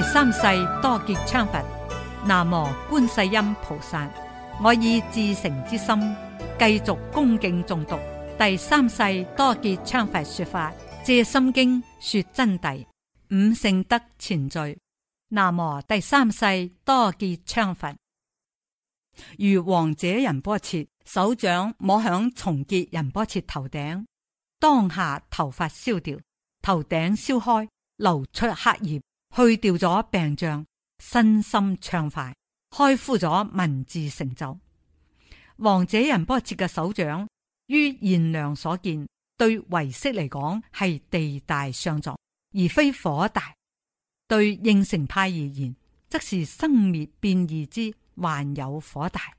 第三世多杰羌佛，南無觀世音菩薩，我以至誠之心繼續恭敬誦讀第三世多杰羌佛說法《藉心經》，說真諦五聖德前序。南無第三世多杰羌佛，如王者仁波切手掌摸向重結仁波切頭頂，當下頭髮燒掉，頭頂燒開，流出黑煙。去掉咗病障，身心暢快，開敷咗文字成就。王者仁波切嘅手掌，於賢良所見，對唯識嚟講係地大相撞，而非火大；對應成派而言，則是生滅變異之還有火大。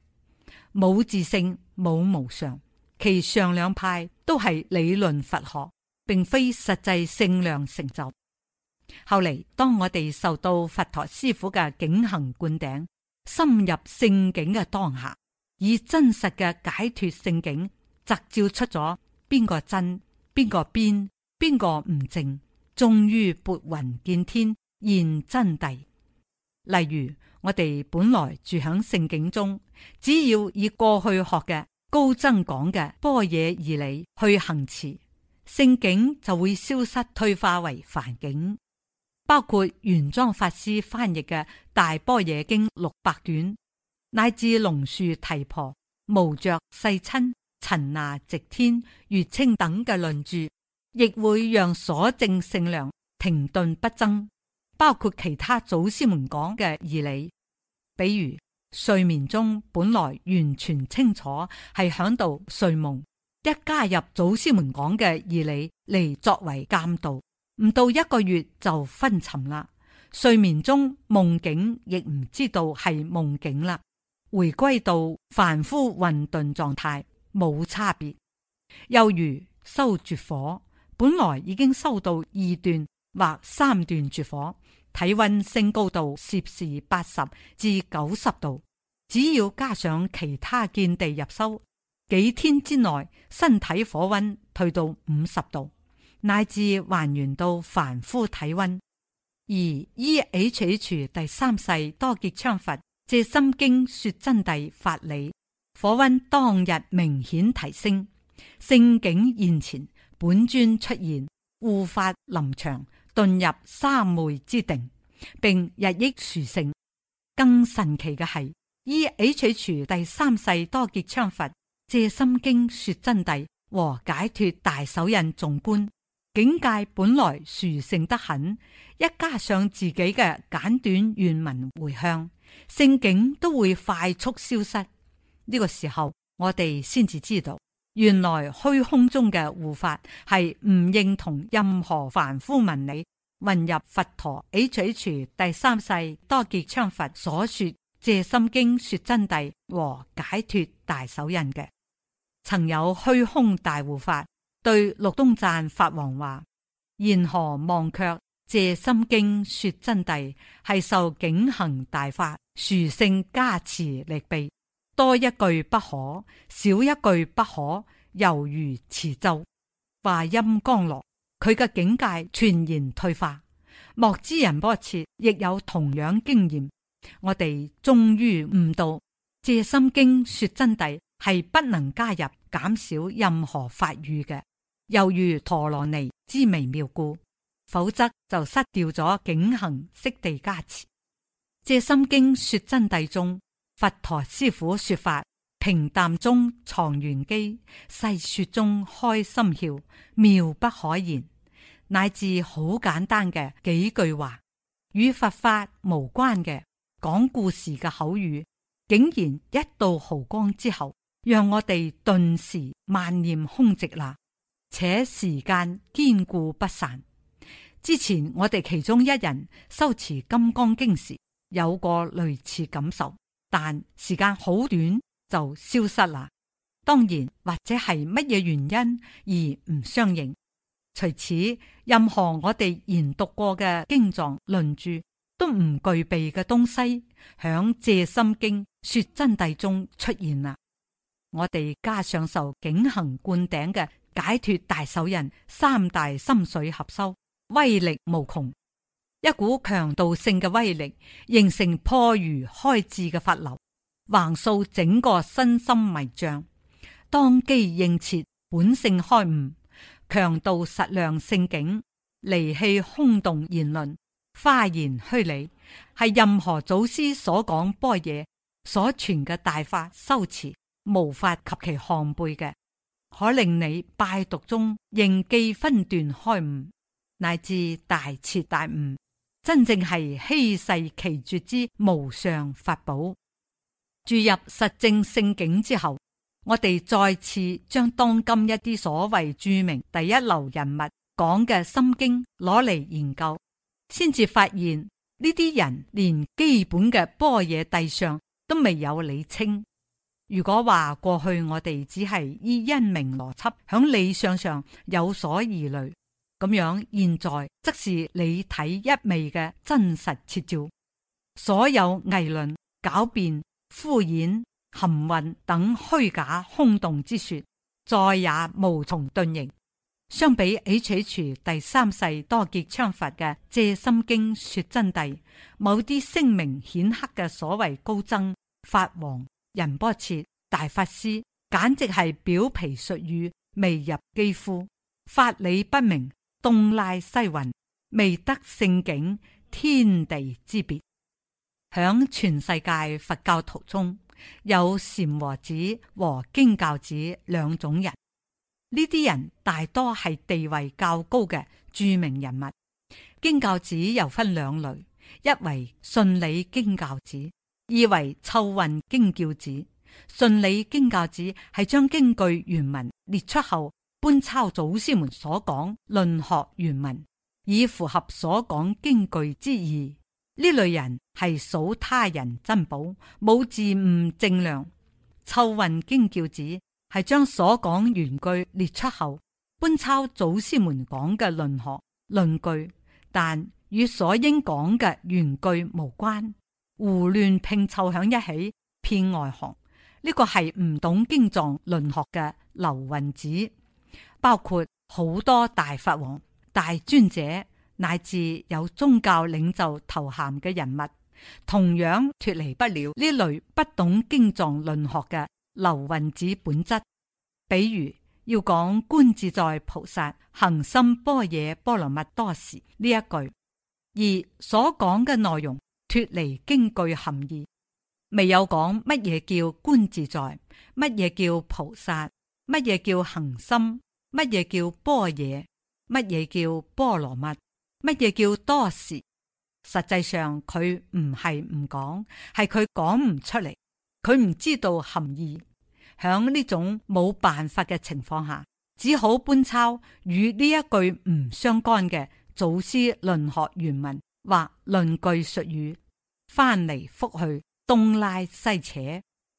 無自性，無無常，其上兩派都係理論佛學，並非實際聖量成就。後嚟，當我哋受到佛陀師父嘅境行灌頂，深入聖境嘅當下，以真實嘅解脫聖境，擇照出咗邊個真、邊個邊、邊個唔正，終於撥雲見天現真諦。例如，我哋本來住喺聖境中，只要以過去學嘅高僧講嘅般若而理去行持，聖境就會消失，退化為凡境。包括玄奘法師翻譯嘅《大波野經》六百卷，乃至龍樹提婆、無着世親、陳那、直天、月清等嘅論著，亦會讓所證聖量停頓不增。包括其他祖師們講嘅義理，比如睡眠中本來完全清楚，係響度睡夢，一加入祖師們講嘅義理嚟作為監督。唔到一個月就昏沉啦，睡眠中夢境亦唔知道係夢境啦，回歸到凡夫混沌狀態，冇差別。又如收絕火，本來已經收到二段或三段絕火，體溫升高到攝氏八十至九十度，只要加上其他見地入收，幾天之內身體火溫退到五十度。乃至還原到凡夫體温，而 H.H. 第三世多杰羌佛借心經說真諦法理，火温當日明顯提升。聖境現前，本尊出現護法臨場，遁入三昧之定，並日益殊勝。更神奇嘅係，H.H. 第三世多杰羌佛借心經說真諦和解脱大手印縱觀。境界本來殊勝得很，一加上自己嘅簡短願文回向，聖境都會快速消失。呢個時候，我哋先至知道，原來虛空中嘅護法係唔認同任何凡夫文理，混入佛陀 H.H. 第三世多杰羌佛所說《借心經》說真諦和解脫大手印嘅。曾有虛空大護法。對陸東贊法王話：言何忘卻借心經說真諦，係受警行大法殊勝加持力臂，多一句不可，少一句不可，猶如持咒。話音剛落，佢嘅境界全然退化。莫知仁波切亦有同樣經驗。我哋終於悟到，借心經說真諦係不能加入減少任何法語嘅。猶如陀羅尼之微妙故，否則就失掉咗景行悉地加持。《藉心經》說真諦中，佛陀師父說法平淡中藏玄機，細說中開心竅，妙不可言，乃至好簡單嘅幾句話，與佛法無關嘅講故事嘅口語，竟然一道毫光之後，讓我哋頓時萬念空寂啦。且時間堅固不散。之前我哋其中一人修持金剛經時，有過類似感受，但時間好短就消失啦。當然，或者係乜嘢原因而唔相應。除此，任何我哋研讀過嘅經藏論著都唔具備嘅東西，響《藉心經說真諦》中出現啦。我哋加上受境行灌頂嘅。解脫大手印三大心水合修，威力無窮，一股強導性嘅威力形成破如開智嘅法流，橫掃整個身心迷障，當機應切本性開悟，強導實量聖境，離棄空洞言論、花言虛理，係任何祖師所講般若所傳嘅大法修持，無法及其項背嘅。可令你拜讀中應記分段開悟，乃至大徹大悟，真正係稀世奇絕之無上法寶。注入實證聖境之後，我哋再次將當今一啲所謂著名第一流人物講嘅心經攞嚟研究，先至發現呢啲人連基本嘅般若諦，上都未有理清。如果話過去我哋只係依因明邏輯，喺理論上有所疑慮，咁樣現在則是你睇一味嘅真實切照，所有偽論、狡辯、敷衍、含混等虛假空洞之說，再也無從遁形。相比《H.H. 第三世多杰羌佛嘅借心經說真諦》，某啲聲名顯赫嘅所謂高僧法王，仁波切，大法師簡直係表皮術語，未入肌膚，法理不明，東拉西混，未得聖境，天地之別。響全世界佛教徒中有禪和子和經教子兩種人，呢啲人大多係地位較高嘅著名人物。經教子又分兩類，一為信理經教子。意為湊韻經教旨，順理經教旨係將經句原文列出後，搬抄，祖師們所講論學原文，以符合所講經句之意。呢類人係數他人珍寶，冇，自我正量。湊韻經教旨係將所講原句列出後，搬抄祖師們講嘅論學論據，但與所應講嘅原句無關。胡亂拼湊響一起，騙外行。呢、這個係唔懂經藏論學嘅流云子，包括好多大法王、大尊者，乃至有宗教領袖頭銜嘅人物，同樣脫離不了呢類不懂經藏論學嘅流云子本質。比如要講觀自在菩薩行深般若波羅蜜多時呢一句，而所講嘅內容。脫離經句含義，未有講乜嘢叫觀自在，乜嘢叫菩薩，乜嘢叫行深，乜嘢叫般若，乜嘢叫波羅蜜，乜嘢叫多時。實際上佢唔係唔講，係佢講唔出嚟，佢唔知道含義。響呢種冇辦法嘅情況下，只好搬抄與呢一句唔相關嘅祖師論學原文。或論句術語，翻嚟覆去，東拉西扯，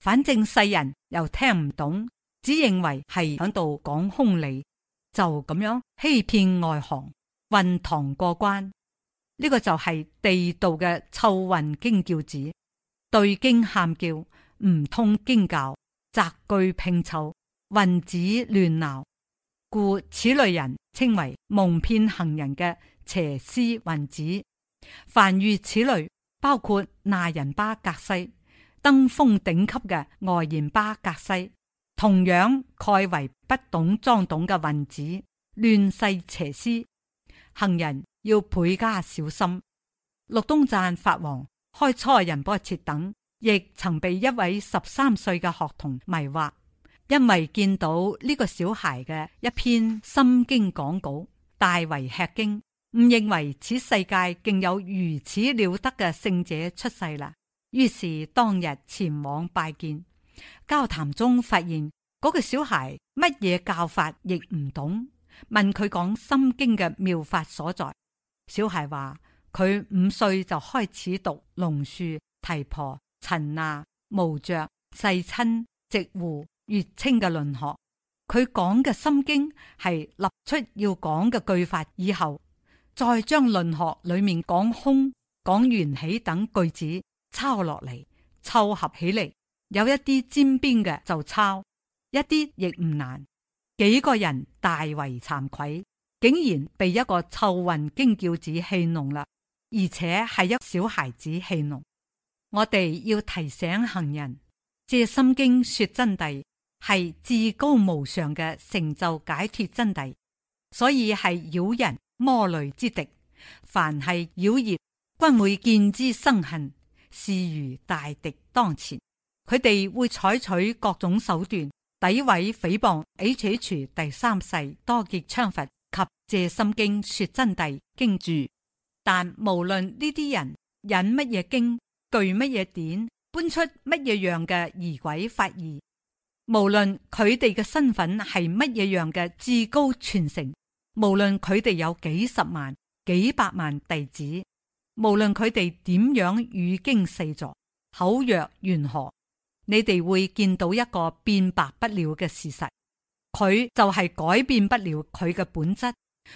反正世人又聽唔懂，只認為係響度講空理，就咁樣欺騙外行，混堂過關。呢、這個就係地道嘅臭雲經叫子，對經喊叫，唔通經教，摘句拼湊，混子亂鬧，故此類人稱為蒙騙行人嘅邪師混子。凡遇此類，包括那人巴格西登峰頂級嘅外延巴格西，同樣概為不懂裝懂嘅混子，亂世邪師，行人要倍加小心。祿東贊法王開初仁波切等，亦曾被一位十三歲嘅學童迷惑，因為見到呢個小孩嘅一篇心經講稿，大為吃驚。誤認為此世界竟有如此了得嘅聖者出世啦，於是當日前往拜見。交談中發現嗰個小孩乜嘢教法亦唔懂，問佢講《心經》嘅妙法所在。小孩話：佢五歲就開始讀龍樹、提婆、陳那、無著、世親、直胡、月稱嘅論學。佢講嘅《心經》係立出要講嘅句法以後。再將論學裏面講空、講緣起等句子抄落嚟，湊合起嚟，有一啲沾邊嘅就抄，一啲亦唔難。幾個人大為慚愧，竟然被一個臭混經叫子戲弄啦，而且係一小孩子戲弄。我哋要提醒行人，借《心經說真諦》係至高無上嘅成就解脫真諦，所以係妖人。魔雷之敵，凡係妖孽，均會見之生恨，視如大敵當前。佢哋會採取各種手段，詆毀、誹謗、H.H. 第三世多杰羌佛及藉心經說真諦經住。但無論呢啲人引乜嘢經，據乜嘢典，搬出乜嘢樣嘅儀軌法義，無論佢哋嘅身份係乜嘢樣嘅至高傳承。無論佢哋有幾十萬、幾百萬弟子，無論佢哋點樣語經四座、口若懸河，你哋會見到一個辯白不了嘅事實，佢就係改變不了佢嘅本質，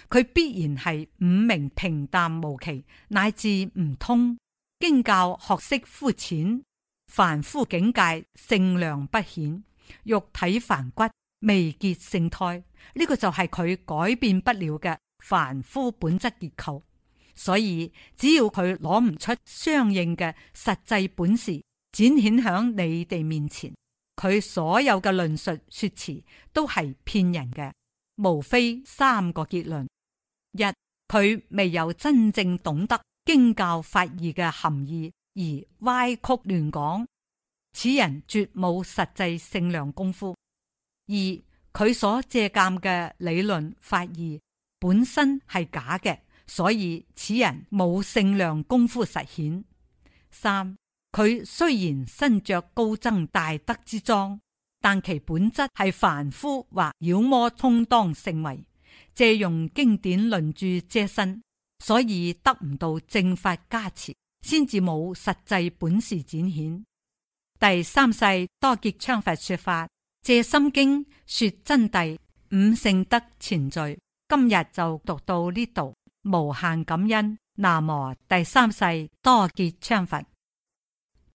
佢必然係五明平淡無奇，乃至唔通經教學識膚淺，凡夫境界聖量不顯，肉體凡骨，未結聖胎。呢個就係佢改變不了嘅凡夫本質結構，所以只要佢攞唔出相應嘅實際本事展現喺你哋面前，佢所有嘅論述說辭都係騙人嘅。無非三個結論：一，佢未有真正懂得經教法義嘅含義而歪曲亂講，此人絕冇實際聖量功夫；二。佢所借鑒嘅理論法義本身係假嘅，所以此人冇聖量功夫實顯。三，佢雖然身着高僧大德之裝，但其本質係凡夫或妖魔充當聖位，借用經典論著遮身，所以得唔到正法加持，先至冇實際本事展顯。第三世多杰羌佛說法。藉心經說真諦，五聖德前序，今日就讀到呢度，無限感恩。南無第三世多杰羌佛。